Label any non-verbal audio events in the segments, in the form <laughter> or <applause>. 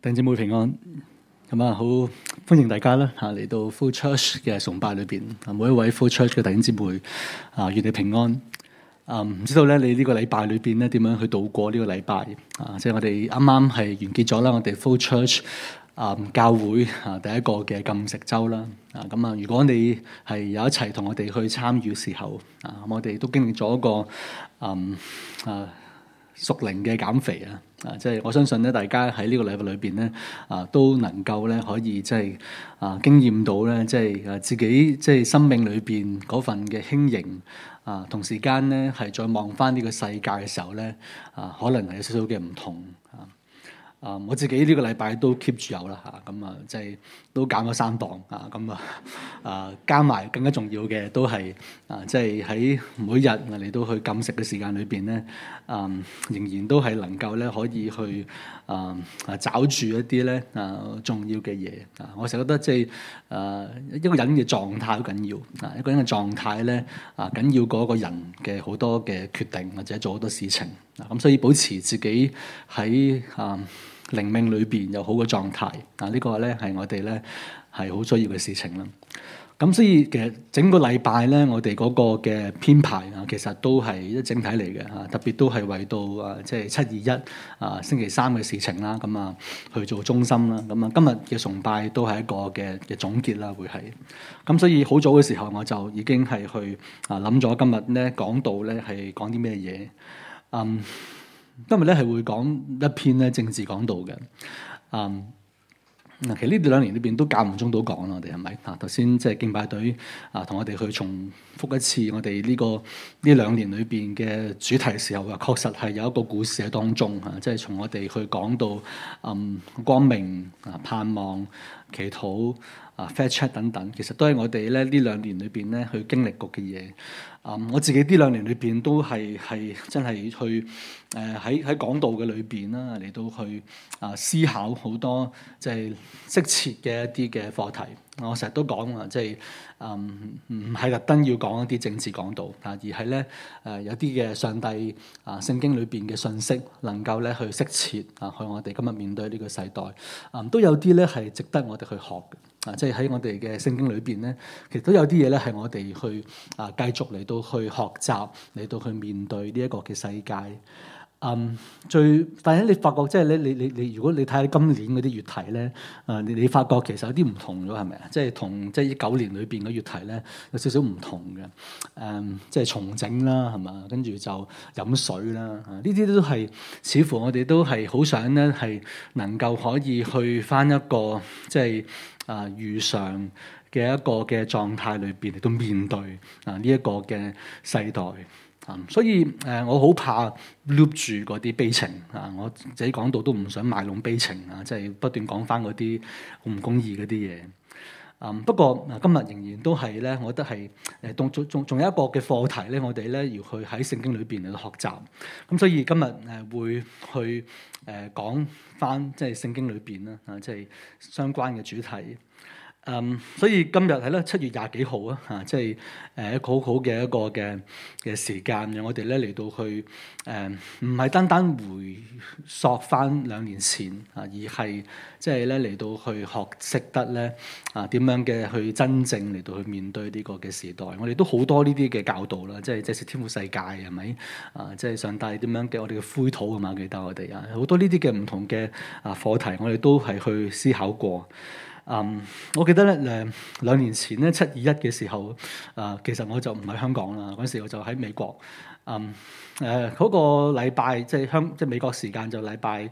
弟兄姊妹平安，咁、嗯、啊好歡迎大家啦吓，嚟到 flow church 嘅崇拜裏邊啊，每一位 flow church 嘅弟兄姊妹啊，願你平安啊！唔、嗯、知道咧，你呢個禮拜裏邊咧點樣去度過呢個禮拜啊？即係我哋啱啱係完結咗啦，我哋 flow church 啊教會啊第一個嘅禁食周啦啊！咁啊，如果你係有一齊同我哋去參與嘅時候啊，我哋都經歷咗一個嗯啊。屬靈嘅減肥啊！啊，即係我相信咧，大家喺呢個禮拜裏邊咧，啊，都能夠咧可以即係啊，經驗到咧即係自己即係生命裏邊嗰份嘅輕盈啊，同時間咧係再望返呢個世界嘅時候咧啊，可能係有少少嘅唔同啊！啊，我自己呢個禮拜都 keep 住有啦嚇，咁啊即係都減咗三磅啊，咁啊啊加埋更加重要嘅都係。啊，即係喺每日嚟到去禁食嘅時間裏邊咧，啊、嗯，仍然都係能夠咧可以去啊啊找住一啲咧啊重要嘅嘢啊，我成日覺得即係啊、呃、一個人嘅狀態好緊要啊，一個人嘅狀態咧啊緊要過一個人嘅好多嘅決定或者做好多事情啊，咁所以保持自己喺啊靈命裏邊有好嘅狀態，嗱、啊這個、呢個咧係我哋咧係好需要嘅事情啦。咁所以其實整個禮拜咧，我哋嗰個嘅編排啊，其實都係一整體嚟嘅嚇，特別都係為到啊即係七二一啊星期三嘅事情啦，咁啊去做中心啦，咁啊今日嘅崇拜都係一個嘅嘅總結啦，會係。咁、啊、所以好早嘅時候我就已經係去啊諗咗今日咧講道咧係講啲咩嘢，嗯，今日咧係會講一篇咧政治講道嘅，嗯。嗱，其實呢兩年裏邊都間唔中都講啦，是是呃、我哋係咪？嗱，頭先即係敬拜隊啊，同我哋去重複一次我哋呢、這個呢兩年裏邊嘅主題嘅時候，話確實係有一個故事喺當中嚇、啊，即係從我哋去講到嗯光明啊盼望、祈禱啊、呃、fair trade 等等，其實都係我哋咧呢兩年裏邊咧去經歷過嘅嘢。啊！我自己呢兩年裏邊都係係真係去誒喺喺講道嘅裏邊啦，嚟到去啊、呃、思考好多即係適切嘅一啲嘅課題。我成日都講、就是呃呃呃呃呃、啊，即係啊唔係特登要講一啲政治講道啊，而係咧誒有啲嘅上帝啊聖經裏邊嘅信息，能夠咧去適切啊去我哋今日面對呢個世代啊，都有啲咧係值得我哋去學嘅啊，即係喺我哋嘅聖經裏邊咧，其實都有啲嘢咧係我哋去啊繼續嚟到。去學習嚟到去面對呢一個嘅世界，嗯，最但係你發覺即係咧，你你你如果你睇下今年嗰啲月題咧，誒、呃，你你發覺其實有啲唔同咗係咪啊？即係同即係九年裏邊嘅月題咧有少少唔同嘅，誒，即係重整啦，係嘛，跟住就飲水啦，呢啲都係似乎我哋都係好想咧係能夠可以去返一個即係誒日常。就是呃嘅一個嘅狀態裏邊嚟到面對啊呢一個嘅世代啊，所以誒、呃、我好怕 loop 住嗰啲悲情啊，我自己講到都唔想賣弄悲情啊，即係不斷講翻嗰啲好唔公義嗰啲嘢啊。不過、啊、今日仍然都係咧，我覺得係誒，當中仲仲有一個嘅課題咧，我哋咧要去喺聖經裏邊嚟到學習。咁、啊、所以今日誒、呃、會去誒講翻即係聖經裏邊啦，啊即係相關嘅主題。嗯，um, 所以今日係咧七月廿幾號啊，嚇，即係誒一個好好嘅一個嘅嘅時間，讓我哋咧嚟到去誒，唔係單單回溯翻兩年前啊，而係即係咧嚟到去學識得咧啊點樣嘅去真正嚟到去面對呢個嘅時代。我哋都好多呢啲嘅教導啦，即係即係天父世界係咪啊？即係上帝點樣嘅我哋嘅灰土啊嘛，記得我哋啊，好多呢啲嘅唔同嘅啊課題，我哋都係去思考過。嗯，um, 我記得咧，誒兩年前咧七二一嘅時候，啊，其實我就唔喺香港啦，嗰時我就喺美國。嗯、啊，誒、那、嗰個禮拜即係香即係美國時間就禮拜誒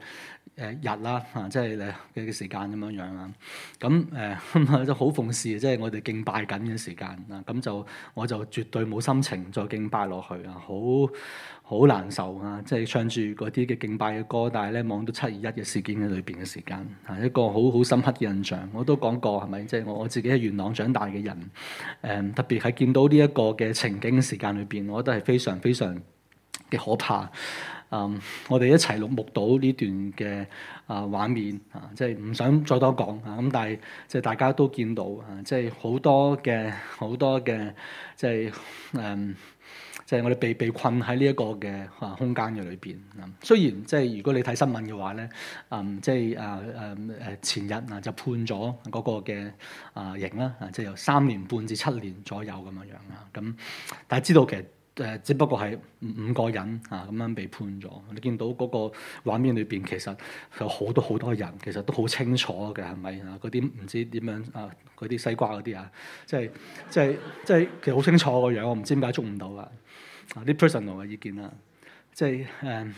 日啦，啊，即係嘅嘅時間咁樣樣啦。咁誒咁啊，好諷刺，即、就、係、是、我哋敬拜緊嘅時間啊。咁就我就絕對冇心情再敬拜落去啊，好。好難受啊！即係唱住嗰啲嘅敬拜嘅歌，但係咧望到七二一嘅事件喺裏邊嘅時間，啊一個好好深刻嘅印象。我都講過係咪？即係、就是、我我自己喺元朗長大嘅人，誒、嗯、特別係見到呢一個嘅情景嘅時間裏邊，我覺得係非常非常嘅可怕。嗯，我哋一齊錄目睹呢段嘅啊畫面啊，即係唔想再多講啊。咁、嗯、但係即係大家都見到啊，即係好多嘅好多嘅即係誒。就是嗯即係我哋被被困喺呢一個嘅空間嘅裏邊。雖然即係、即係、如果你睇新聞嘅話咧，嗯，即係啊啊誒前日啊就判咗嗰個嘅啊刑啦，即係由三年半至七年左右咁樣樣啦。咁、嗯、但係知道其實誒只不過係五個人啊咁樣被判咗。你見到嗰個畫面裏邊其實有好多好多人，其實都好清楚嘅係咪啊？嗰啲唔知點樣啊，嗰啲西瓜嗰啲啊，即係即係即係其實好清楚個樣，我唔知點解捉唔到啊！啲 personal 嘅意見啦，即係誒、嗯，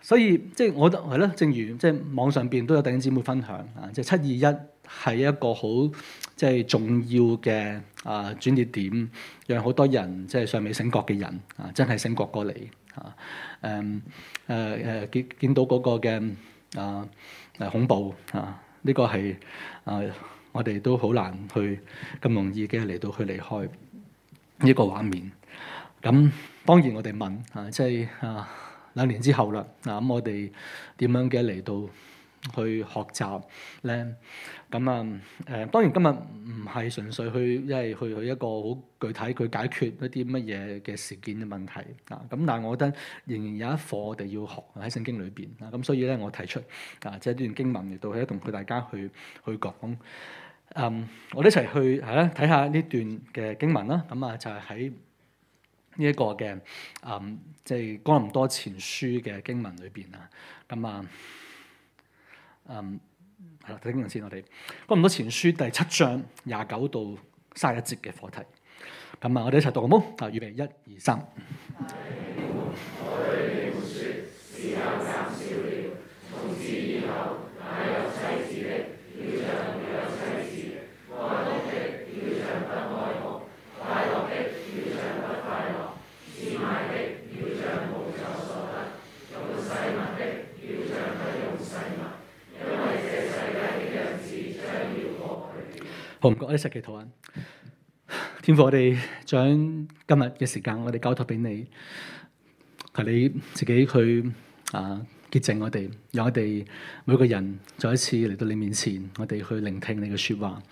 所以即係我覺得係咯。正如即係網上邊都有弟兄姊妹分享啊，即係七二一係一個好即係重要嘅啊轉折點，讓好多人即係尚未醒覺嘅人啊，真係醒覺過嚟啊。誒誒誒，見見到嗰個嘅啊，啊恐怖啊，呢、這個係啊，我哋都好難去咁容易嘅嚟到去離開。呢個畫面，咁、嗯、當然我哋問啊，即係啊兩年之後啦，嗱、啊、咁、嗯、我哋點樣嘅嚟到去學習咧？咁、嗯、啊誒，當然今日唔係純粹去即係去去一個好具體去解決一啲乜嘢嘅事件嘅問題啊。咁但係我覺得仍然有一課我哋要學喺聖經裏邊啊。咁所以咧，我提出啊，即係呢段經文嚟到去同佢大家去去講。Um, 看看嗯，我哋一齊去係啦，睇下呢段嘅經文啦。咁啊，就係喺呢一個嘅嗯，即係哥林多前書嘅經文裏邊啊。咁啊，嗯，係、嗯、啦，睇經文先，我哋哥林多前書第七章廿九到卅一節嘅課題。咁、嗯、啊，我哋一齊讀好冇？啊，預備一二三。 <laughs> 啲神奇圖案，天父，我哋將今日嘅時間，我哋交託俾你，求你自己去啊潔淨我哋，讓我哋每個人再一次嚟到你面前，我哋去聆聽你嘅說話。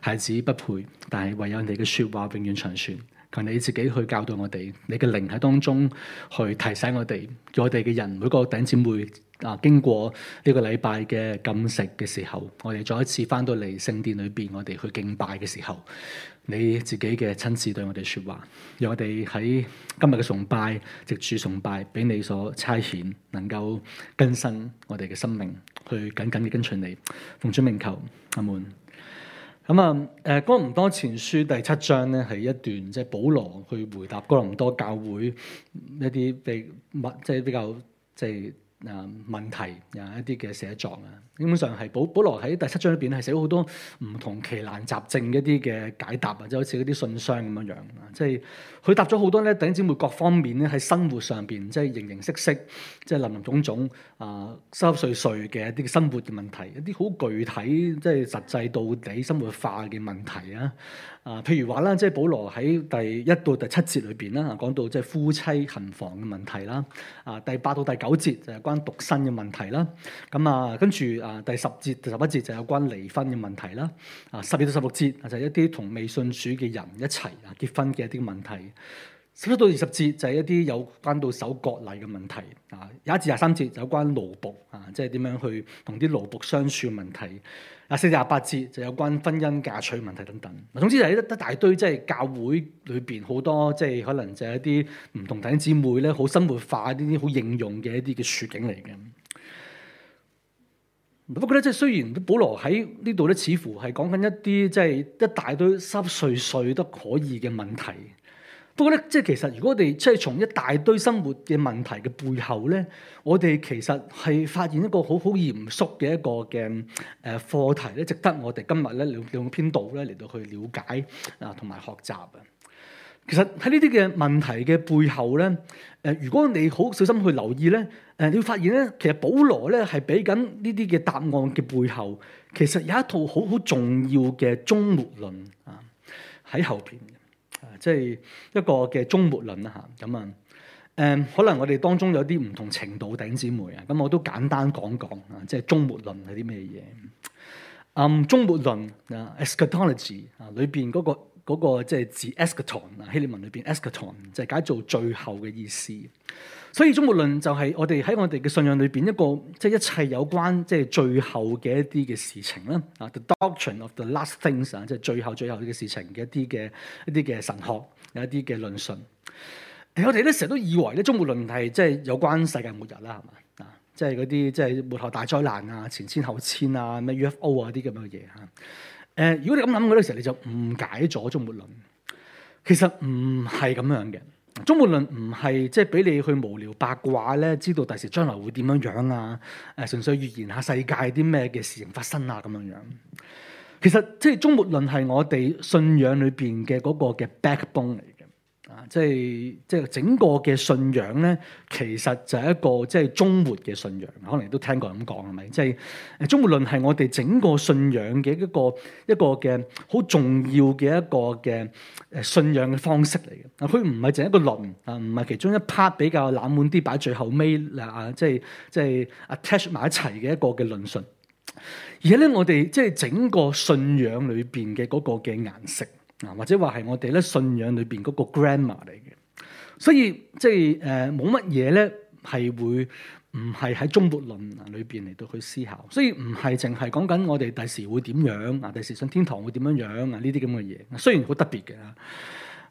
孩子不配，但係唯有你嘅說話永遠長存。求你自己去教導我哋，你嘅靈喺當中去提醒我哋，叫我哋嘅人每個弟兄姊妹。啊！經過呢個禮拜嘅禁食嘅時候，我哋再一次翻到嚟聖殿裏邊，我哋去敬拜嘅時候，你自己嘅親自對我哋説話，讓我哋喺今日嘅崇拜，直主崇拜，俾你所差遣，能夠更新我哋嘅生命，去緊緊嘅跟隨你。奉主名求，阿門。咁啊，誒哥林多前書第七章咧，係一段即係、就是、保羅去回答哥林多教會一啲比即係比較即係。即啊問題啊，一啲嘅寫作啊，基本上係保保羅喺第七章裏邊係寫咗好多唔同奇難雜症一啲嘅解答，或者好似嗰啲信箱咁樣樣啊，即係佢答咗好多咧弟兄姊妹各方面咧喺生活上邊，即係形形色色，即係林林種種啊，濕濕碎碎嘅一啲生活嘅問題，一啲好具體即係實際到底生活化嘅問題啊啊、呃，譬如話啦，即係保羅喺第一到第七節裏邊啦，講到即係夫妻行房嘅問題啦，啊第八到第九節就係。關獨身嘅問題啦，咁啊，跟住，啊第十節、第十一節就有關離婚嘅問題啦，啊十二到十六節就係一啲同未信主嘅人一齊啊結婚嘅一啲問題，十七到二十節就係一啲有關到受割禮嘅問題，啊廿一至廿三節有關奴僕啊，即係點樣去同啲奴僕相處嘅問題。啊，四至廿八節就有關婚姻嫁娶問題等等。總之就係一一大堆，即係教會裏邊好多即係可能就係一啲唔同弟兄姊妹咧，好生活化呢啲好應用嘅一啲嘅處境嚟嘅。不過咧，即係雖然保羅喺呢度咧，似乎係講緊一啲即係一大堆濕碎碎都可以嘅問題。不過咧，即係其實，如果我哋即係從一大堆生活嘅問題嘅背後咧，我哋其實係發現一個好好嚴肅嘅一個嘅誒課題咧，值得我哋今日咧兩兩篇道咧嚟到去了解啊，同埋學習啊。其實喺呢啲嘅問題嘅背後咧，誒如果你好小心去留意咧，誒你會發現咧，其實保羅咧係俾緊呢啲嘅答案嘅背後，其實有一套好好重要嘅終末論啊喺後邊。即係一個嘅終末論啦嚇，咁啊誒、嗯，可能我哋當中有啲唔同程度弟兄姊妹啊，咁我都簡單講講啊，即係終末論係啲咩嘢？嗯，終末論啊，eschatology 啊，裏邊嗰個即係、嗰個、字、嗰個、eschaton 啊，希臘文裏邊 eschaton 就係解做最後嘅意思。所以終末論就係我哋喺我哋嘅信仰裏邊一個即係、就是、一切有關即係、就是、最後嘅一啲嘅事情啦，啊，the doctrine of the last things 啊，即係最後最後嘅事情嘅一啲嘅一啲嘅神學有一啲嘅論述。我哋咧成日都以為咧終末論係即係有關世界末日啦，係嘛？啊、就是，即係嗰啲即係末後大災難啊、前千後千啊、咩 UFO 啊啲咁嘅嘢嚇。誒、呃，如果你咁諗嗰啲時候你就誤解咗終末論。其實唔係咁樣嘅。終末論唔係即係俾你去無聊八卦咧，知道第時將來會點樣樣啊？誒純粹預言下世界啲咩嘅事情發生啊咁樣樣，其實即係終末論係我哋信仰裏邊嘅個嘅 backbone 嚟。啊，即係即係整個嘅信仰咧，其實就係一個即係終末嘅信仰，可能都聽過咁講係咪？即係終末論係我哋整個信仰嘅一個一個嘅好重要嘅一個嘅誒信仰嘅方式嚟嘅。啊，佢唔係淨係一個論啊，唔係其中一 part 比較冷門啲擺最後尾啦啊，即係即係 attach 埋一齊嘅一個嘅論述。而且咧，我哋即係整個信仰裏邊嘅嗰個嘅顏色。嗱，或者話係我哋咧信仰裏邊嗰個 grammar 嚟嘅，所以即係誒冇乜嘢咧係會唔係喺終末論啊裏邊嚟到去思考，所以唔係淨係講緊我哋第時會點樣啊，第時信天堂會點樣啊呢啲咁嘅嘢，雖然好特別嘅。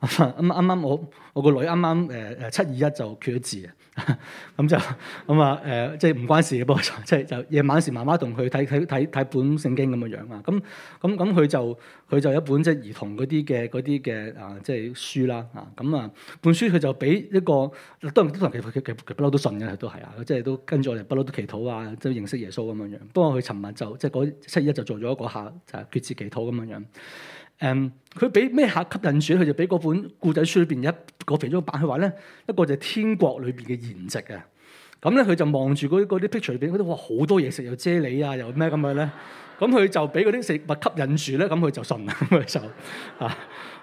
啱啱我我個女啱啱誒誒七二一就決咗志啊，咁就咁啊誒，即係唔關事嘅噃，即係就夜晚時媽媽同佢睇睇睇睇本聖經咁樣樣啊，咁咁咁佢就佢就一本即係兒童嗰啲嘅嗰啲嘅啊，即係書啦啊，咁啊本書佢就俾、這個、一個都人基督徒佢佢不嬲都信嘅，佢都係啊，即係都跟住我哋不嬲都祈禱啊，即係認識耶穌咁樣樣。不過佢尋晚就即係嗰七二一就做咗一個下就係決志祈禱咁樣樣。誒，佢俾咩客吸引住？佢就俾嗰本故仔書裏邊一個肥豬板。佢話咧，一個就係天國裏邊嘅筵席啊！咁咧，佢就望住嗰啲 p i 嗰啲 picture 裏邊，嗰啲哇好多嘢食，又啫喱啊，又咩咁樣咧？咁佢就俾嗰啲食物吸引住咧，咁佢就信啦，咁就啊，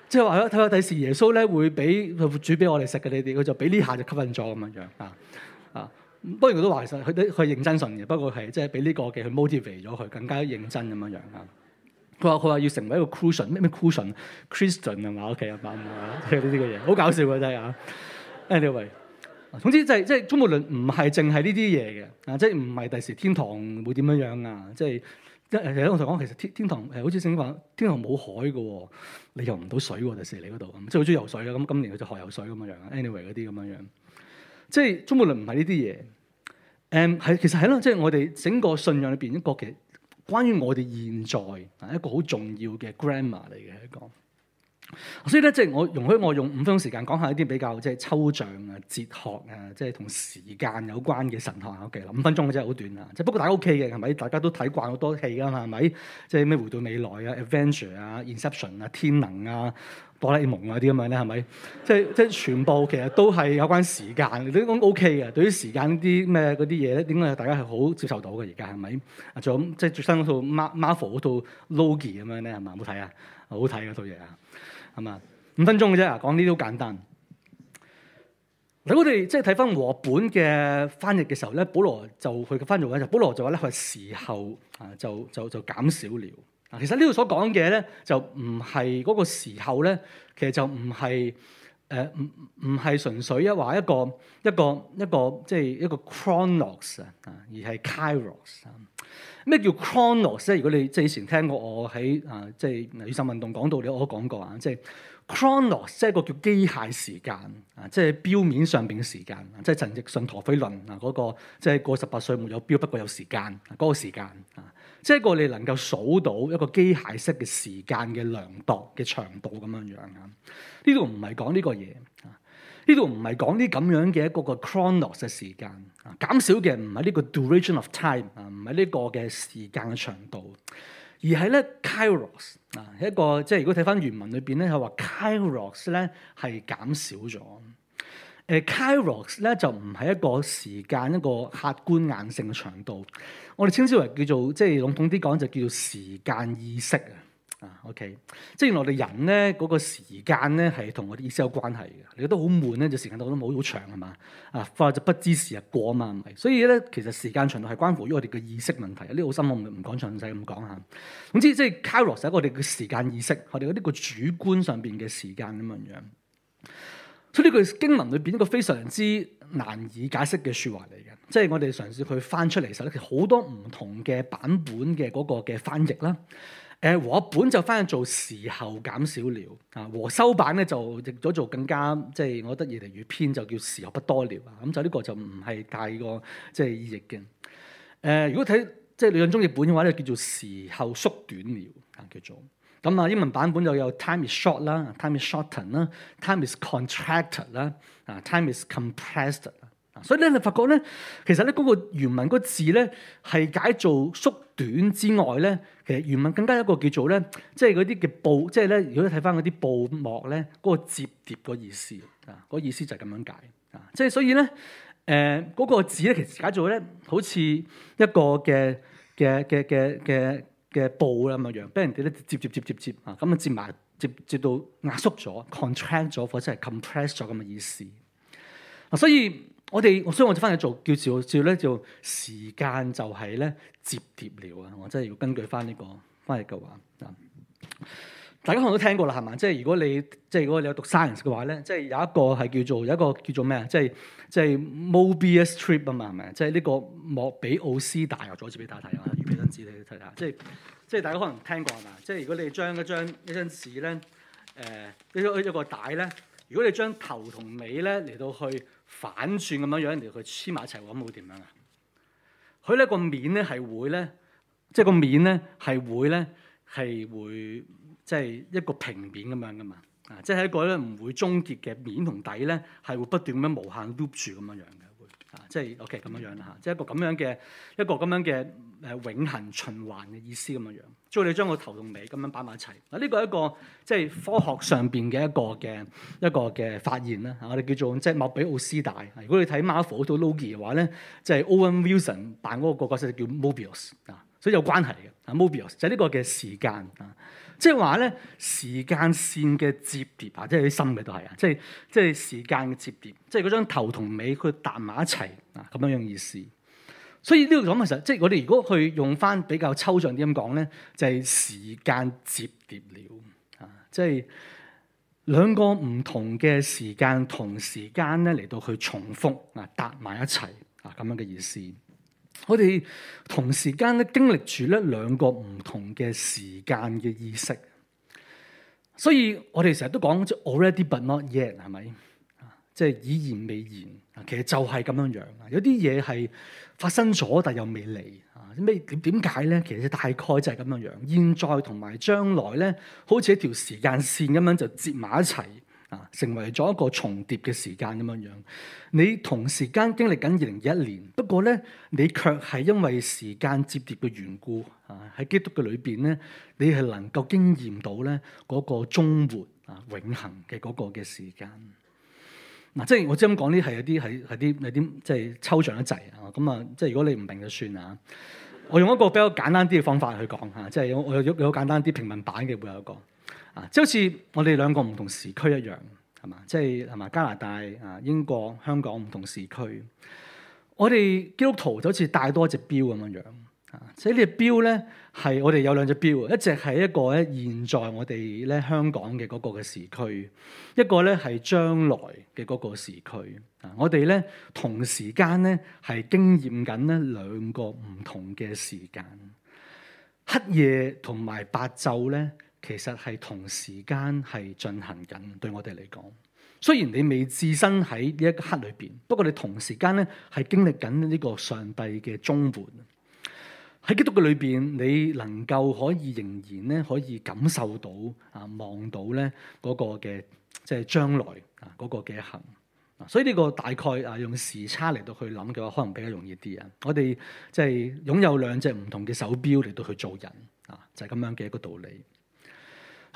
即係話睇下第時耶穌咧會俾佢煮俾我哋食嘅你哋，佢就俾呢下就吸引咗咁樣樣啊啊，啊！不過佢都話其實佢都佢認真信嘅，不過係即係俾呢個嘅去 motivate 咗佢，更加認真咁樣樣啊。啊啊佢話：佢話要成為一個 cushion，okay, 咩咩 cushion，Christian 係嘛？O.K. 啊，唔係啊，即係呢啲嘅嘢，好搞笑嘅真係啊。Anyway，總之、就係、即係即係終末論唔係淨係呢啲嘢嘅，啊，即係唔係第時天堂會點樣樣啊？即係，有有我同你講，其實天天堂誒好似正話，天堂冇海嘅，哦、你游唔到水喎第時你嗰度，即係好中意游水啊。咁今，今年佢就學游水咁嘅樣。Anyway 嗰啲咁嘅樣，即係終末論唔係呢啲嘢，誒、嗯、係其實係咯，即係我哋整個信仰裏邊一個嘅。關於我哋現在啊，一個好重要嘅 grammar 嚟嘅一個。所以咧，即係我容許我用五分鐘時間講一下一啲比較即係抽象啊、哲學啊，即係同時間有關嘅神學啊。OK 啦，五分鐘真係好短啊。即係不過大家 OK 嘅，係咪？大家都睇慣好多戲噶嘛，係咪？即係咩回到未來啊、Adventure 啊、Inception 啊、天能啊、哆啦 A 夢啊啲咁樣咧，係咪？即係即係全部其實都係有關時間。你講 OK 嘅，對於時間啲咩嗰啲嘢咧，點解大家係好接受到嘅？而家係咪？仲有即係最新嗰套 Marvel 嗰套 Logie 咁樣咧，係咪？好睇啊！好睇啊，套嘢啊！係嘛？五分鐘嘅啫，講呢啲好簡單。嗱，我哋即係睇翻和本嘅翻譯嘅時候咧，保羅就佢嘅翻譯，就保羅就話咧，佢時候啊就就就減少了。啊，其實呢度所講嘅咧就唔係嗰個時候咧，其實就唔係誒唔唔係純粹一話一個一個一個即係一個 chronos 啊，而係 kairos 啊。咩叫 chronos 咧？如果你即係以前聽過我喺啊，即係雨傘運動講到你我都講過啊，即係 chronos 即係個叫機械時間啊，即係錶面上邊嘅時間，啊、即係陳奕迅陀飛輪嗱嗰個，即係過十八歲沒有錶，不過有時間嗰個時間啊，即係個你能夠數到一個機械式嘅時間嘅量度嘅長度咁樣樣啊，呢度唔係講呢個嘢。啊。呢度唔係講啲咁樣嘅一個個 chronos 嘅時間，減少嘅唔係呢個 duration of time，唔係呢個嘅時間嘅長度，而係咧 kairos 啊，一個即係如果睇翻原文裏邊咧，係話 kairos 咧係減少咗。誒、呃、kairos 咧就唔係一個時間一個客觀硬性嘅長度，我哋稱之為叫做即係籠統啲講就叫做時間意識啊。O.K. 即係原來我哋人咧，嗰、嗰個時間咧係同我哋意識有關係嘅。你覺得好悶咧，就時間覺得冇好長，係嘛？啊，話就不知時日過啊嘛，係。所以咧，其實時間長度係關乎於我哋嘅意識問題。呢啲好深，我唔唔講詳細咁講吓。總之、嗯，即係 Kairos 係我哋嘅時間意識，我哋嗰啲個主觀上邊嘅時間咁樣樣。所以呢句經文裏邊一個非常之難以解釋嘅說話嚟嘅，即係我哋嘗試佢翻出嚟嘅時候咧，其實好多唔同嘅版本嘅嗰個嘅翻譯啦。誒和本就翻去做時候減少了啊，和修版咧就譯咗做更加即係，就是、我覺得越嚟越偏就叫時候不多了啊。咁就呢個就唔係大個即係譯嘅。誒、呃，如果睇即係你又中譯本嘅話咧，叫做時候縮短了啊，叫做。咁啊，英文版本就有 time is short 啦，time is shortened 啦，time is contracted 啦，啊，time is compressed。所以咧你發覺咧，其實咧嗰個原文個字咧係解做縮短之外咧，其實原文更加一個叫做咧，即係嗰啲嘅布，即係咧，如果你睇翻嗰啲布幕咧，嗰、嗰個摺疊意思、嗰個意思啊，嗰意思就係咁樣解啊，即係所以咧，誒、呃、嗰、嗰個字咧，其實解做咧，好似一個嘅嘅嘅嘅嘅嘅布咁嘅樣，樣，俾人哋咧摺摺摺摺，摺啊，咁啊摺埋摺摺到壓縮咗、contract 咗，或者係 compress 咗咁嘅意思啊，所以。我哋，所以我就翻去做叫照照咧，就時間就係咧折疊了啊！我真係要根據翻呢個翻嚟嘅話啊！大家可能都聽過啦，係嘛？即係如果你即係如果你有讀 science 嘅話咧，即係有一個係叫做有一個叫做咩啊？即係、即係、即係 Mobius Trip 啊嘛，係咪即係呢個莫比奧斯帶，又再一次俾大家睇下，俾張紙，你睇下，即係即係大家可能聽過係嘛？即係如果你將一張一張紙咧，誒、呃，一、這、一、個這個帶咧，如果你將頭同尾咧嚟到去。反轉咁樣樣，人哋佢黐埋一齊，咁會點樣啊？佢咧、個面咧係會咧，即係個面咧係會咧係會即係一個平面咁樣噶嘛，啊，即係一個咧唔會終結嘅面同底咧，係會不斷咁樣無限 loop 住咁樣樣嘅。即係 OK 咁樣樣啦嚇，即係一個咁樣嘅一個咁樣嘅誒永恆循環嘅意思咁樣樣，即係你將個頭同尾咁樣擺埋一齊。嗱呢個係一個即係科學上邊嘅一個嘅一個嘅發現啦。啊，我哋叫做即係莫比烏斯帶，啊。如果你睇 Marvel 嘅 Loki 嘅話咧，即係 Owen Wilson 扮嗰個角色叫 Mobius 啊，所以有關係嘅啊 Mobius 就係呢個嘅時間啊。即係話咧，時間線嘅摺疊啊，即係啲心嘅都係啊，即係即係時間嘅摺疊，即係嗰張頭同尾佢搭埋一齊啊，咁樣樣意思。所以呢個講其實即係我哋如果去用返比較抽象啲咁講咧，就係時間摺疊了啊，即係兩個唔同嘅時間同時間咧嚟到去重複啊，搭埋一齊啊，咁樣嘅意思。我哋同時間咧經歷住咧兩個唔同嘅時間嘅意識，所以我哋成日都講出 already but not yet 係咪？即係已然未然，其實就係咁樣樣。有啲嘢係發生咗，但又未嚟。咩點點解咧？其實大概就係咁樣樣。現在同埋將來咧，好似一條時間線咁樣就接埋一齊。啊，成為咗一個重疊嘅時間咁樣樣，你同時間經歷緊二零二一年，不過咧，你卻係因為時間接疊嘅緣故啊，喺基督嘅裏邊咧，你係能夠經驗到咧嗰、那個終末啊、永恆嘅嗰個嘅時間。嗱，即係我即咁講，呢係有啲係係啲係啲即係抽象得滯啊。咁啊，即係、就是啊、如果你唔明就算啦、啊。我用一個比較簡單啲嘅方法去講嚇、啊，即係我有用好簡單啲平民版嘅會有一個。啊，即好似我哋兩個唔同時區一樣，係嘛？即係係咪加拿大啊、英國、香港唔同時區？我哋基督徒就好似帶多一隻表咁樣樣啊！即呢隻表咧，係我哋有兩隻表，一隻係一個咧現在我哋咧香港嘅嗰個嘅時區，一個咧係將來嘅嗰個時區。啊，我哋咧同時間咧係經驗緊咧兩個唔同嘅時間，黑夜同埋白晝咧。其實係同時間係進行緊，對我哋嚟講，雖然你未置身喺呢一刻裏邊，不過你同時間咧係經歷緊呢個上帝嘅中活。喺基督嘅裏邊，你能夠可以仍然咧可以感受到啊，望到咧嗰個嘅即係將來啊嗰個嘅行啊。所以呢個大概啊用時差嚟到去諗嘅話，可能比較容易啲啊。我哋即係擁有兩隻唔同嘅手錶嚟到去做人啊，就係咁樣嘅一個道理。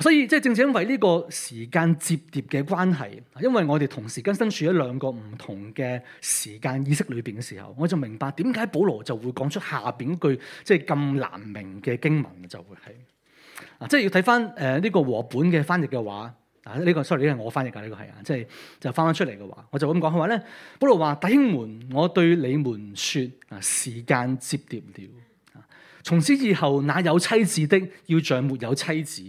所以即係正正因為呢個時間折疊嘅關係，因為我哋同時更身處喺兩個唔同嘅時間意識裏邊嘅時候，我就明白點解保羅就會講出下邊句即係咁難明嘅經文，就會係啊，即係要睇翻誒呢個和本嘅翻譯嘅話啊，呢個 sorry 呢個我翻譯噶呢個係啊，即係就翻翻出嚟嘅話，我就咁講佢話咧，保羅話弟兄們，我對你們說啊，時間折疊了。從此以後，那有妻子的，要像沒有妻子；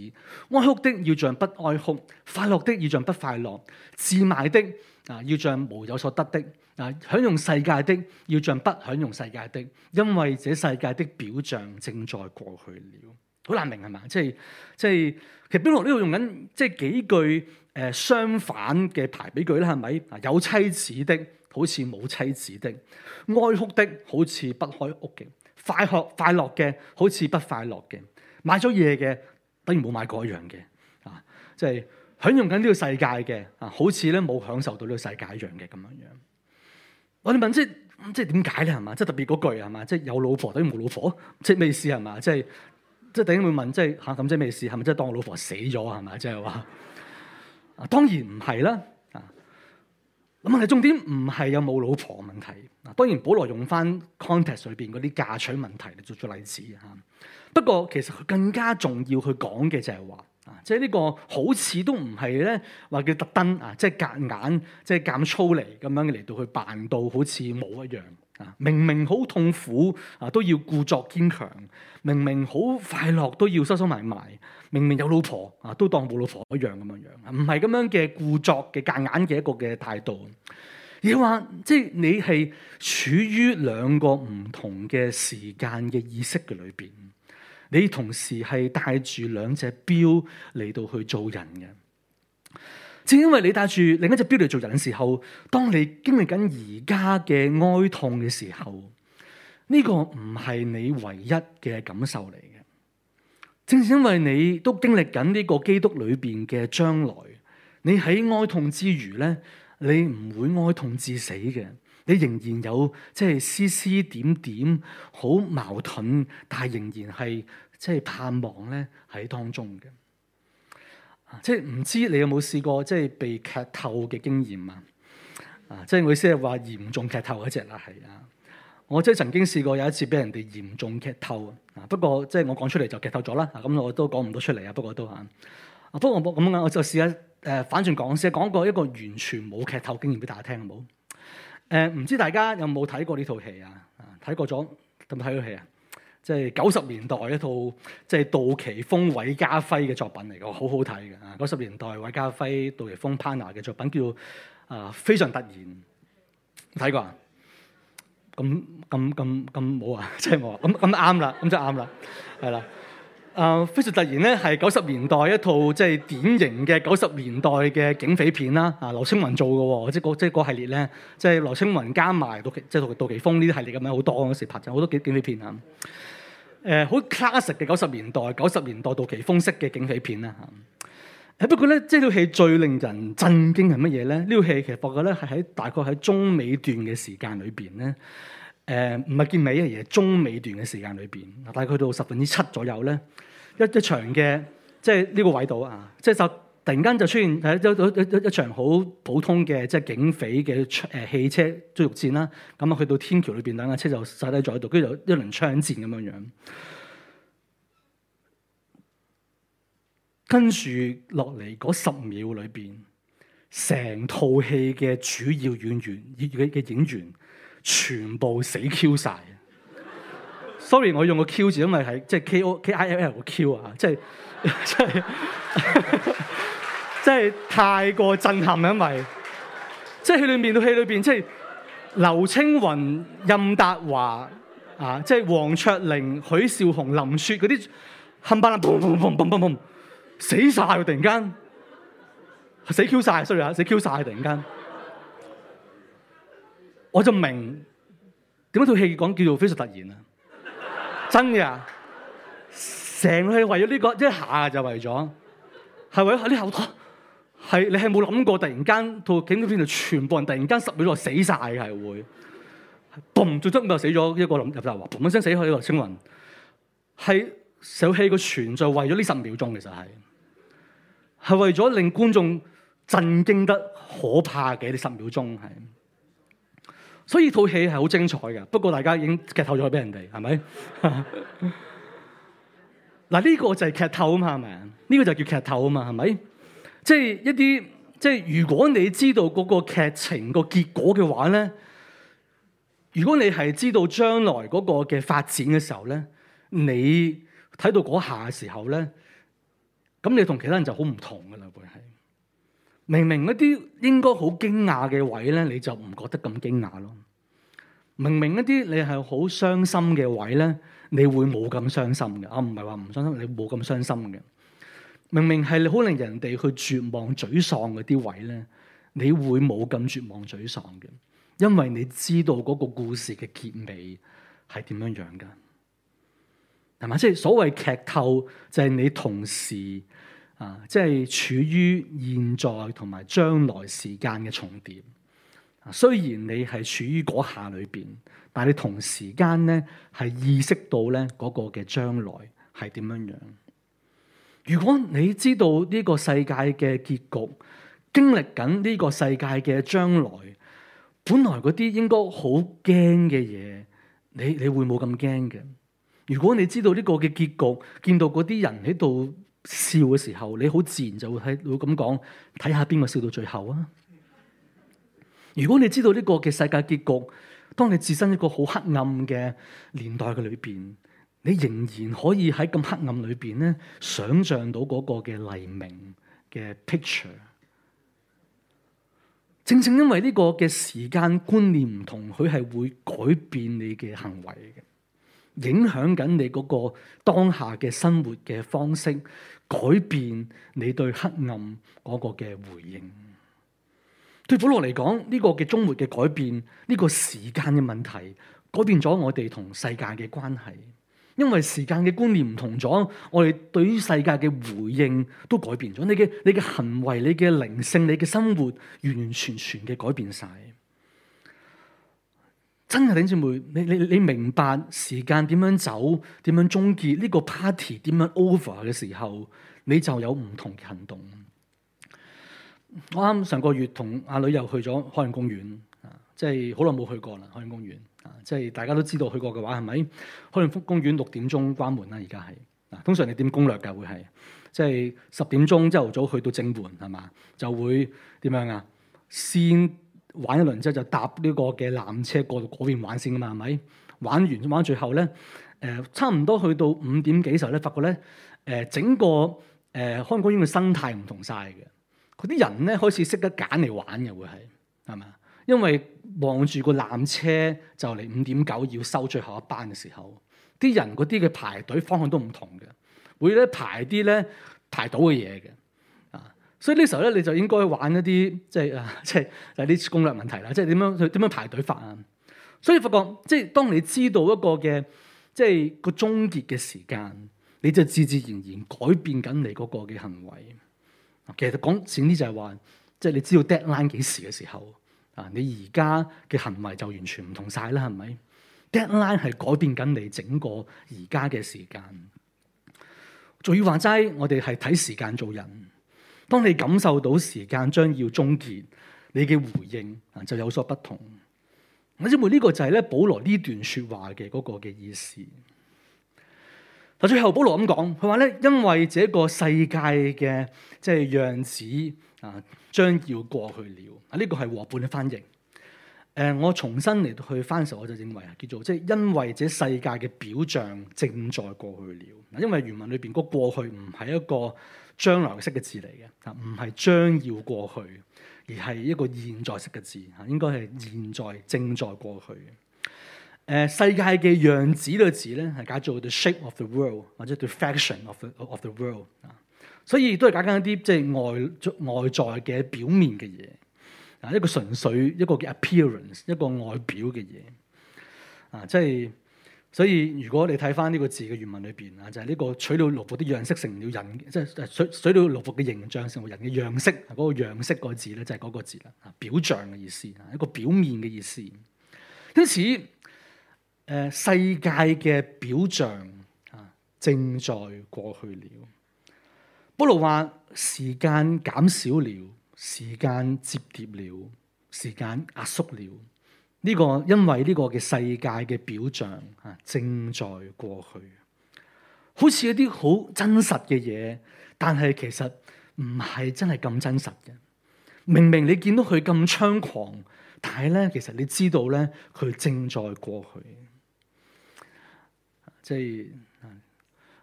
哀哭的，要像不哀哭；快樂的，要像不快樂；置買的，啊，要像無有所得的；啊，享用世界的，要像不享用世界的。因為這世界的表象正在過去了，好難明係嘛？即係即係，其實保羅呢度用緊即係幾句誒、呃、相反嘅排比句啦，係咪？啊，有妻子的，好似冇妻子的；哀哭的，好似不開屋嘅。快學快樂嘅，好似不快樂嘅；買咗嘢嘅，等於冇買嗰樣嘅。啊，即係享用緊呢個世界嘅，啊，好似咧冇享受到呢個世界一樣嘅咁樣樣。我哋問即係即係點解咧？係嘛，即係特別嗰句係嘛，即係有老婆等於冇老婆，即係咩意思係嘛？即係即係等於會問，即係吓，咁即係咩意思？係咪即係當我老婆死咗係咪？即係話啊，當然唔係啦。問題重點唔係有冇老婆問題。嗱，當然保羅用翻 context 裏邊嗰啲嫁娶問題嚟做咗例子嚇。不過其實佢更加重要去講嘅就係話，啊，即係呢個好似都唔係咧，話叫特登啊，即係夾硬，即係減粗嚟咁樣嚟到去扮到好似冇一樣啊。明明好痛苦啊，都要故作堅強；明明好快樂都要收收埋埋，埋。明明有老婆啊，都當冇老婆一樣咁樣樣，唔係咁樣嘅故作嘅夾硬嘅一個嘅態度。你話即係你係處於兩個唔同嘅時間嘅意識嘅裏邊，你同時係帶住兩隻錶嚟到去做人嘅。正因為你帶住另一隻錶嚟做人嘅時候，當你經歷緊而家嘅哀痛嘅時候，呢、這個唔係你唯一嘅感受嚟嘅。正是因為你都經歷緊呢個基督裏邊嘅將來，你喺哀痛之餘咧，你唔會哀痛至死嘅，你仍然有即係絲絲點點好矛盾，但係仍然係即係盼望咧喺當中嘅。即係唔知你有冇試過即係被劇透嘅經驗啊？啊，即係我意思係話嚴重劇透嗰隻啦，係啊。我即係曾經試過有一次俾人哋嚴重劇透啊！不過即係我講出嚟就劇透咗啦。咁我都講唔到出嚟啊。不過都嚇。不過我咁樣我就試下誒、呃、反轉講先，試試講過一個完全冇劇透經驗俾大家聽，好唔好？誒、呃、唔知大家有冇睇過呢套戲啊？睇過咗有冇睇到戲啊？即係九十年代一套即係杜琪峰、韋家輝嘅作品嚟㗎，好好睇嘅啊！九十年代韋家輝、杜琪峰、partner 嘅作品叫啊非常突然，睇過啊？咁咁咁咁冇啊，即係我啊！咁咁啱啦，咁就啱啦，係啦。啊，非常突然咧，係九十年代一套即係典型嘅九十年代嘅警匪片啦。啊，劉青雲做嘅喎，即係個即係系列咧，即係劉青雲加埋杜即係、就是、杜杜琪峯呢啲系列咁樣好多嗰時拍咗好多警警匪片啊。誒，好 classic 嘅九十年代，九十年代杜琪峯式嘅警匪片啊。誒，不過咧，即係呢套戲最令人震驚係乜嘢咧？呢套戲其實博嘅咧，係喺大概喺中尾段嘅時間裏邊咧，誒唔係結尾啊，而係中尾段嘅時間裏邊，大概去、呃、到十分之七左右咧，一一場嘅即係呢個位度啊，即係就突然間就出現係一一一場好普通嘅即係警匪嘅誒汽車追逐戰啦，咁啊去到天橋裏邊兩架車就晒低咗喺度，跟住就一輪槍戰咁樣樣。跟住落嚟嗰十秒裏邊，成套戲嘅主要演員，嘅嘅演員全部死 Q 晒。 <laughs> sorry，我用個 Q 字，因為係即係 K O K I L L Q 啊，即係即係即係太過震撼，因為即係戲裏面套戲裏邊，即係劉青雲、任達華啊，即係黃卓玲、許紹雄、林雪嗰啲，冚棒唥砰砰砰砰砰死晒，喎！突然間死 Q 曬，衰啊！死 Q 晒。突然間，我就明點解套戲講叫做非常突然啊！真嘅啊！成套戲為咗呢個一一下就為咗，係為咗呢後台，係你係冇諗過突然間套警匪片就全部人突然間十秒內死晒，係會，嘣！就最憎咪死咗一個林入就話嘣聲死去呢個青雲，係成套戲個存在為咗呢十秒鐘其實係。係為咗令觀眾震驚得可怕嘅呢十秒鐘係，所以套戲係好精彩嘅。不過大家已經劇透咗俾人哋，係咪？嗱 <laughs> 呢個就係劇透啊嘛，係咪？呢個就叫劇透啊嘛，係咪？即係一啲即係如果你知道嗰個劇情個結果嘅話咧，如果你係知道將來嗰個嘅發展嘅時候咧，你睇到嗰下嘅時候咧。咁你同其他人就好唔同噶啦，會係明明一啲應該好驚訝嘅位咧，你就唔覺得咁驚訝咯。明明一啲你係好傷心嘅位咧，你會冇咁傷心嘅。啊，唔係話唔傷心，你冇咁傷心嘅。明明係你好令人哋去絕望、沮喪嗰啲位咧，你會冇咁絕望、沮喪嘅，因為你知道嗰個故事嘅結尾係點樣樣噶，係嘛？即係所謂劇透，就係你同時。啊，即係處於現在同埋將來時間嘅重點。雖然你係處於嗰下裏邊，但係你同時間咧係意識到咧嗰個嘅將來係點樣樣。如果你知道呢個世界嘅結局，經歷緊呢個世界嘅將來，本來嗰啲應該好驚嘅嘢，你你會冇咁驚嘅。如果你知道呢個嘅結局，見到嗰啲人喺度。笑嘅時候，你好自然就會喺度咁講，睇下邊個笑到最後啊！如果你知道呢個嘅世界結局，當你置身一個好黑暗嘅年代嘅裏邊，你仍然可以喺咁黑暗裏邊咧，想象到嗰個嘅黎明嘅 picture。正正因為呢個嘅時間觀念唔同，佢係會改變你嘅行為嘅。影響緊你嗰個當下嘅生活嘅方式，改變你對黑暗嗰個嘅回應。對保羅嚟講，呢個嘅終末嘅改變，呢個時間嘅問題改變咗我哋同世界嘅關係，因為時間嘅觀念唔同咗，我哋對於世界嘅回應都改變咗。你嘅你嘅行為、你嘅靈性、你嘅生活，完完全全嘅改變晒。真係頂住妹，你你你明白時間點樣走，點樣終結呢個 party 點樣 over 嘅時候，你就有唔同行動。我啱上個月同阿女又去咗海洋公園啊，即係好耐冇去過啦。海洋公園啊，即係大家都知道去過嘅話係咪？海洋公園六點鐘關門啦，啊，而家係啊，通常你點攻略㗎？會係即係十點鐘朝頭早去到正門係嘛，就會點樣啊？先。玩一輪之後就搭呢個嘅纜車過到嗰邊玩先㗎嘛，係咪？玩完玩完，最後咧，誒、呃、差唔多去到五點幾時候咧，發覺咧誒，整個誒開公園嘅生態唔同晒。嘅，啲人咧開始識得揀嚟玩嘅會係，係咪？因為望住個纜車就嚟五點九要收最後一班嘅時候，啲人嗰啲嘅排隊方向都唔同嘅，會咧排啲咧排到嘅嘢嘅。所以呢個時候咧，你就應該玩一啲即係啊，即係啲攻略問題啦，即係點樣去點樣排隊法啊。所以發覺即係、即係、當你知道一個嘅即係個終結嘅時間，你就自自然然改變緊你嗰個嘅行為。其實講淺啲就係話，即係你知道 deadline 幾時嘅時候啊，你而家嘅行為就完全唔同晒啦，係咪？Deadline 係改變緊你整個而家嘅時間。仲要話齋，我哋係睇時間做人。當你感受到時間將要終結，你嘅回應啊就有所不同。我知唔知呢個就係咧保羅呢段説話嘅嗰個嘅意思？嗱最後保羅咁講，佢話咧因為這個世界嘅即係樣子啊將要過去了啊，呢、這個係和本嘅翻譯。誒，我重新嚟到去翻時候，我就認為啊，叫做即係因為這世界嘅表象正在過去了。嗱，因為原文裏邊個過去唔係一個將來式嘅字嚟嘅，啊，唔係將要過去，而係一個現在式嘅字，嚇，應該係現在正在過去嘅。誒、呃，世界嘅樣子嘅字咧，係解做 the shape of the world 或者 the fashion of the, of the world 啊，所以都係講緊一啲即係外外在嘅表面嘅嘢。一個純粹一個嘅 appearance，一個外表嘅嘢啊，即、就、係、是、所以如果你睇返呢個字嘅原文裏邊啊，就係、是、呢個取到奴僕啲樣式成了人，即、就、係、是、取取到奴僕嘅形象成為人嘅樣式，嗰、那個樣式字呢、就是、個字咧就係嗰個字啦，表象嘅意思、啊，一個表面嘅意思。因此，誒、呃、世界嘅表象啊，正在過去了。保羅話：時間減少了。時間摺疊了，時間壓縮了，呢、這個因為呢個嘅世界嘅表象啊正在過去，好似一啲好真實嘅嘢，但係其實唔係真係咁真實嘅。明明你見到佢咁猖狂，但係咧其實你知道咧佢正在過去，即係。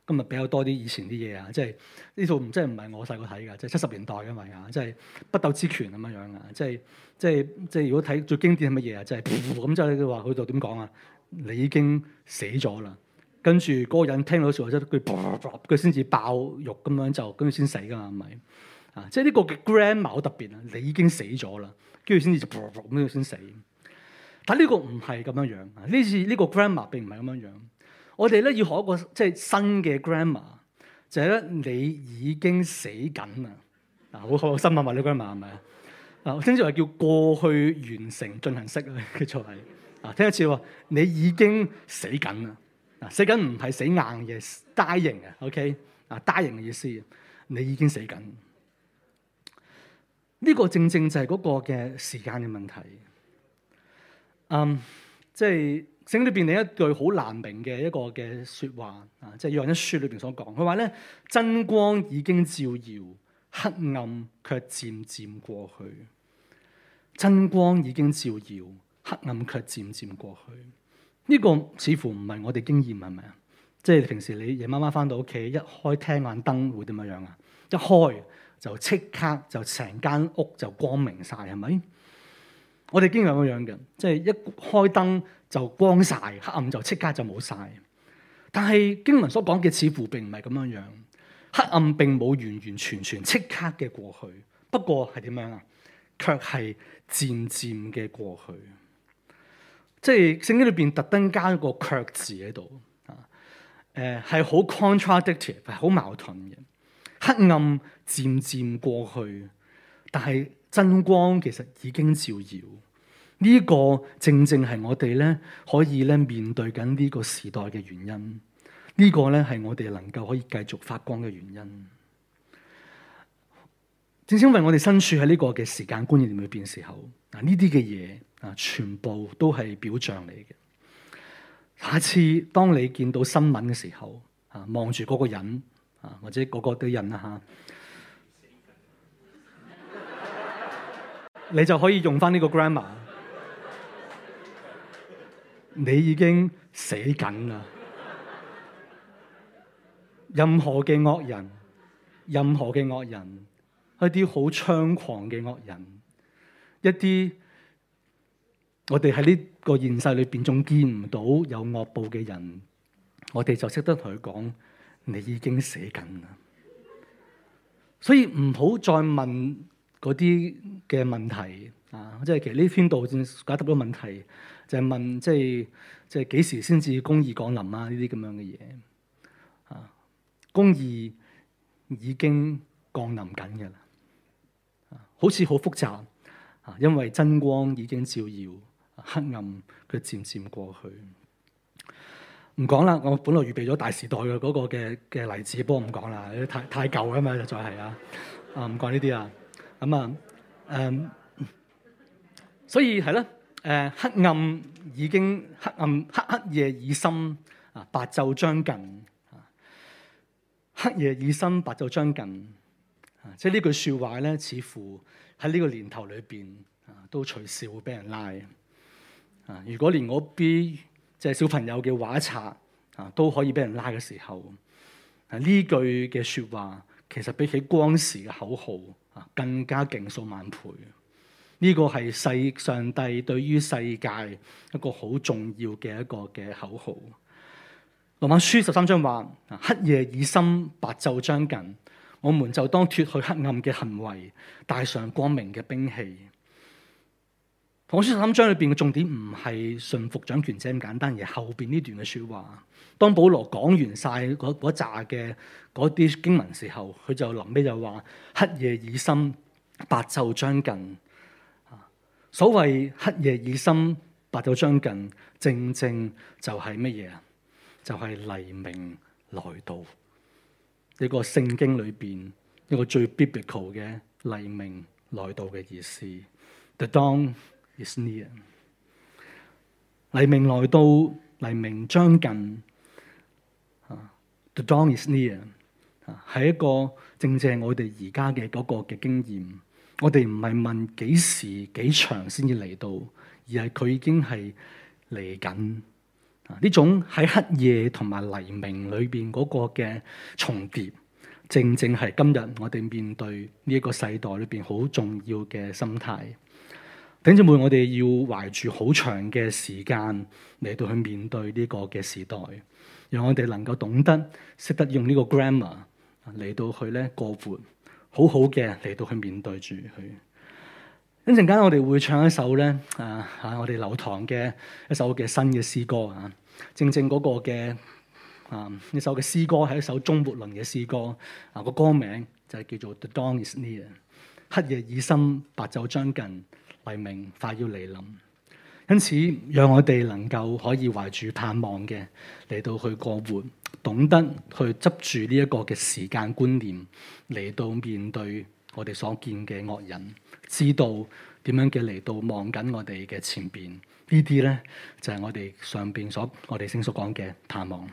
今日比較多啲以前啲嘢啊，即係呢套唔真係唔係我細個睇嘅，即係七十年代嘅嘛，即係《北斗之拳》咁樣樣嘅，即係即係即係如果睇最經典係乜嘢啊？即係咁之後佢話佢就點講啊？你已經死咗啦，跟住嗰個人聽到笑時話即係佢，佢先至爆肉咁樣就，跟住先死㗎嘛，咪、嗯、啊？即係呢個嘅 grammar 好特別啊，你已經死咗啦，跟住先至就咁樣先死。但係呢個唔係咁樣樣啊，呢次呢個 grammar 並唔係咁樣樣。我哋咧要學一個即係新嘅 grammar，就係、是、咧你已經死緊啦！嗱，好開心啊，話呢個 grammar 係咪啊？嗱，聽住話叫過去完成進行式嘅錯係，啊 <laughs> 聽一次喎，你已經死緊啦！死緊唔係死硬，嘅，dying 嘅，OK 啊，dying 嘅意思，你已經死緊。呢、這個正正就係嗰個嘅時間嘅問題。嗯，即係。聖經裏邊另一句好難明嘅一個嘅說話啊，即係《約翰一書》裏邊所講，佢話咧，真光已經照耀，黑暗卻漸漸過去。真光已經照耀，黑暗卻漸漸過去。呢、這個似乎唔係我哋經驗，係咪啊？即係平時你夜晚晚翻到屋企一開廳眼燈會點樣樣啊？一開，一開就即刻就成間屋就光明晒係咪？我哋經常咁樣嘅，即係一開燈。就光晒，黑暗就即刻就冇晒。但係經文所講嘅似乎並唔係咁樣樣，黑暗並冇完完全全即刻嘅過去。不過係點樣啊？卻係漸漸嘅過去。即係聖經裏邊特登加一個卻字喺度啊，誒係好 contradictory 係好矛盾嘅。黑暗漸漸過去，但係真光其實已經照耀。呢個正正係我哋咧可以咧面對緊呢個時代嘅原因，呢個咧係我哋能夠可以繼續發光嘅原因。正正因為我哋身處喺呢個嘅時間觀念裏面嘅時候，嗱呢啲嘅嘢啊，全部都係表象嚟嘅。下次當你見到新聞嘅時候啊，望住嗰個人啊，或者嗰個嘅人啊，嚇，你就可以用翻呢個 grammar。你已經死緊啦！任何嘅惡人，任何嘅惡人，人，一啲好猖狂嘅惡人，一啲我哋喺呢個現世裏面仲見唔到有惡報嘅人，我哋就識得同佢講：你已經死緊啦！所以唔好再問嗰啲嘅問題。啊，即係其實呢篇道正解答個問題，就係問即係即係幾時先至公義降臨啊？呢啲咁樣嘅嘢啊，公義已經降臨緊嘅啦，好似好複雜啊，因為真光已經照耀黑暗，佢漸漸過去。唔講啦，我本來預備咗大時代嘅嗰個嘅嘅例子，不過唔講啦，太太舊啊嘛，就再係啊，啊唔講呢啲啊，咁啊誒。嗯所以係咧，誒黑暗已經黑暗黑黑夜已深啊，白晝將近啊，黑夜已深，白晝將近啊，即係呢句説話咧，似乎喺呢個年頭裏邊啊，都隨時會俾人拉啊。如果連我啲即係小朋友嘅畫冊啊都可以俾人拉嘅時候，啊呢句嘅説話其實比起光時嘅口號啊更加勁數萬倍。呢個係世上帝對於世界一個好重要嘅一個嘅口號。羅馬書十三章話：黑夜已深，白晝將近，我們就當脱去黑暗嘅行為，帶上光明嘅兵器。羅馬書十三章裏邊嘅重點唔係順服掌權者咁簡單，而後邊呢段嘅説話，當保羅講完晒嗰嗰扎嘅嗰啲經文時候，佢就臨尾就話：黑夜已深，白晝將近。所謂黑夜已深，白晝將近，正正就係乜嘢啊？就係、是、黎明來到，一個聖經裏邊一個最 biblical 嘅黎明來到嘅意思。The dawn is near，黎明來到，黎明將近。The dawn is near，係一個正正我哋而家嘅嗰個嘅經驗。我哋唔係問幾時幾長先至嚟到，而係佢已經係嚟緊。啊，呢種喺黑夜同埋黎明裏邊嗰個嘅重疊，正正係今日我哋面對呢一個世代裏邊好重要嘅心態。弟兄姊妹，我哋要懷住好長嘅時間嚟到去面對呢個嘅時代，讓我哋能夠懂得、識得用呢個 grammar 嚟到去咧過活。好好嘅嚟到去面對住佢。一陣間我哋會唱一首咧啊，喺我哋流堂嘅一首嘅新嘅詩歌啊。正正嗰個嘅啊，一首嘅詩歌係一首鐘卓倫嘅詩歌。啊，個歌名就係叫做《The Dawn Is Near》。黑夜已深，白晝將近，黎明快要嚟臨。因此，讓我哋能夠可以懷住盼望嘅嚟到去過活。懂得去執住呢一個嘅時間觀念嚟到面對我哋所見嘅惡人，知道點樣嘅嚟到望緊我哋嘅前邊，呢啲咧就係、是、我哋上邊所我哋先所講嘅探望。